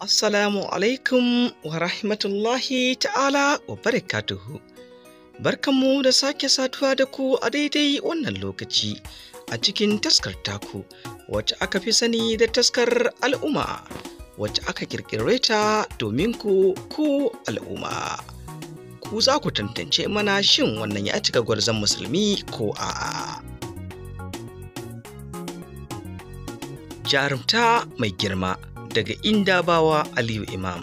Assalamu alaikum wa rahmatullahi ta'ala wa barakatuhu. Barkanmu da sake satuwa da ku a daidai wannan lokaci a cikin taskar taku wacce aka fi sani da taskar al'umma wacce aka kirkire ta domin ku ku al'umma. Ku za ku tantance mana shin wannan ya cika gwarzon musulmi ko a'a. Jarumta mai girma. daga Indabawa Aliyu Imam.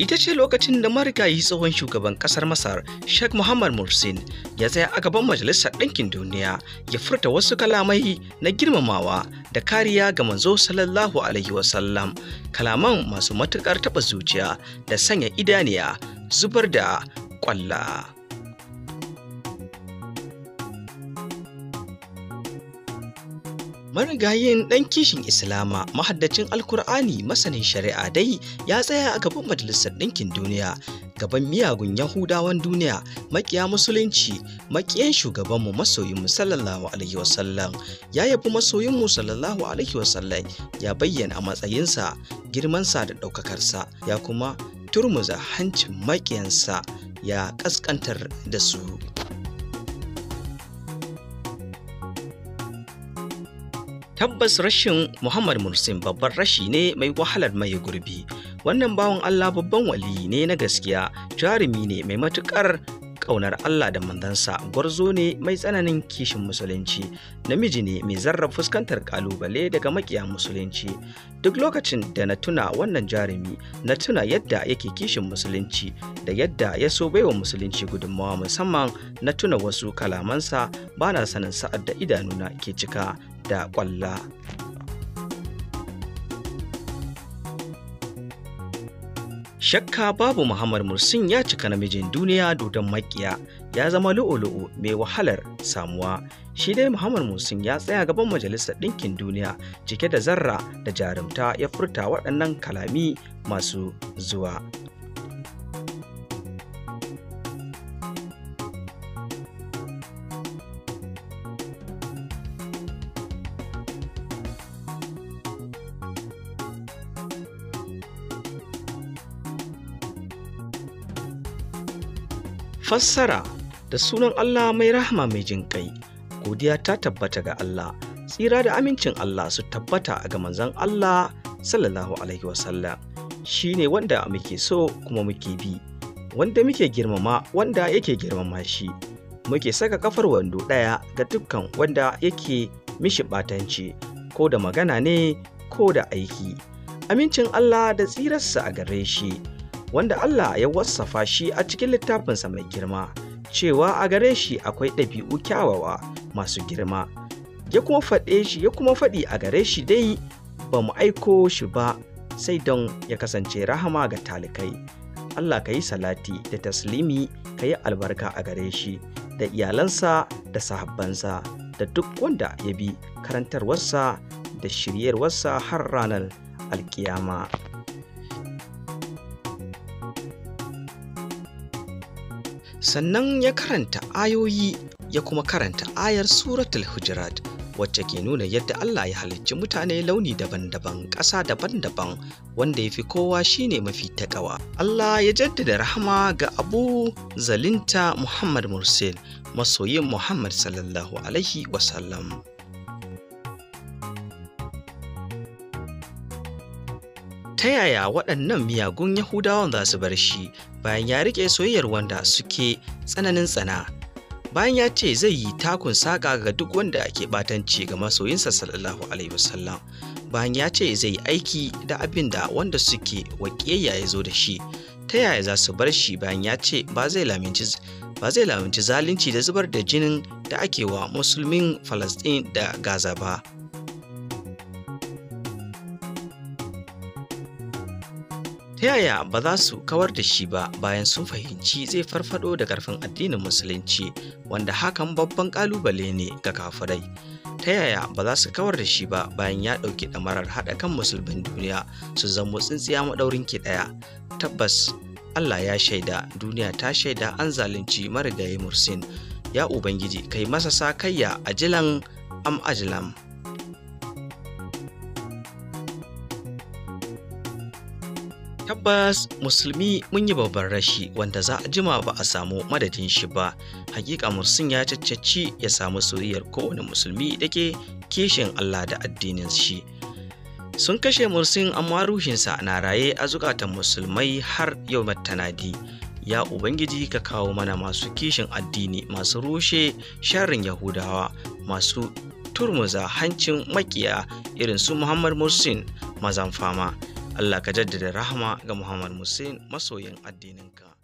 Ita ce lokacin da marigayi tsohon shugaban kasar Masar Sheikh Muhammad Mursin ya tsaya a gaban Majalisar Ɗinkin Duniya ya furta wasu kalamai na girmamawa da kariya ga manzo sallallahu alaihi wasallam kalaman masu matuƙar taɓa zuciya da sanya idaniya zubar da ƙwalla. marigayin ɗan kishin islama mahaddacin alkur'ani masanin shari'a dai ya tsaya a gaban majalisar ɗinkin duniya gaban miyagun yahudawan duniya makiya musulunci makiyan shugabanmu masoyinmu sallallahu alaihi wasallam ya yabi masoyinmu sallallahu alaihi wasallam ya bayyana a matsayinsa girmansa da ɗaukakarsa ya kuma turmuza hancin makiyansa ya ƙasƙantar da su Tabbas rashin Muhammad Mursin babban rashi ne mai wahalar mai gurbi. Wannan bawan Allah babban waliyi ne na gaskiya, jarumi ne mai matukar ƙaunar Allah da mandansa gwarzo ne mai tsananin kishin musulunci namiji ne mai zarra fuskantar ƙalubale daga makiya musulunci duk lokacin da na tuna wannan jarumi na tuna yadda yake kishin musulunci da yadda ya so baiwa musulunci gudunmawa musamman na tuna wasu kalamansa ba na sanin sa'ad da idanuna ke cika da ƙwalla. Shakka babu Muhammad Mursin ya cika namijin duniya dodon makiya ya zama lu'ulu'u mai wahalar samuwa. Shi dai Muhammad Mursin ya tsaya gaban Majalisar Ɗinkin Duniya cike da zarra da jarumta ya furta waɗannan kalami masu zuwa. Fassara da sunan Allah mai rahama mai jin ƙai, godiya ta tabbata ga Allah, tsira da amincin Allah su tabbata ga manzon Allah sallallahu Alaihi wasallam shi ne wanda muke so kuma muke bi, wanda muke girmama wanda yake girmama shi, muke saka kafar wando ɗaya ga dukkan wanda yake mishi ɓatanci, ko da magana ne ko da aiki. Amincin Allah da tsirarsa a gare shi. wanda Allah ya wasafa shi a cikin littafinsa mai girma cewa a gare shi akwai ɗabi'u kyawawa masu girma ya kuma faɗe shi ya kuma faɗi a gare shi dai ba mu aiko shi ba sai don ya kasance rahama ga talikai Allah ka yi salati da taslimi ka yi albarka a gare shi da iyalansa da sahabbansa da duk wanda ya bi karantarwarsa da shiryarwarsa har ranar alkiyama. sannan ya karanta ayoyi ya kuma karanta ayar suratul hujurat wacce ke nuna yadda Allah ya halicci mutane launi daban-daban ƙasa daban-daban wanda ya fi kowa shine mafi takawa Allah ya jaddada rahama ga Abu Zalinta Muhammad Mursil masoyin Muhammad sallallahu alaihi wasallam ta yaya waɗannan miyagun yahudawan za su bar shi bayan ya riƙe soyayyar wanda suke tsananin tsana bayan ya ce zai yi takun saƙa ga duk wanda ake ɓatanci ga masoyinsa sallallahu alaihi wasallam bayan ya ce zai yi aiki da abin da wanda suke waƙiyayya ya zo da shi ta yaya za su bar shi bayan ya ce ba zai lamunci zalunci da zubar da jinin da ake wa musulmin falasɗin da gaza ba ta yaya ba za su kawar da shi ba bayan sun fahimci zai farfado da karfin addinin musulunci wanda hakan babban kalubale ne ga kafirai ta yaya ba za su kawar da shi ba bayan ya ɗauki ɗamarar haɗa kan musulmin duniya su zamo tsintsiya maɗaurin ki ɗaya tabbas allah ya shaida duniya ta shaida an zalunci marigayi mursin ya ubangiji kai masa sa kayya ajilan am ajilam Tabbas musulmi mun yi babban rashi wanda za a jima ba a samu madadin shi ba. Hakika Mursin ya caccaci ya samu soyayyar kowane musulmi da ke kishin Allah da addinin shi. Sun kashe Mursin amma ruhinsa na raye a zukatan musulmai har yau tanadi. ya Ubangiji ka kawo mana masu kishin addini masu rushe sharin Yahudawa masu turmuza hancin makiya irin su Muhammad Mursin mazan fama Allah ka jaddada rahama ga Muhammad Musin masoyin addininka.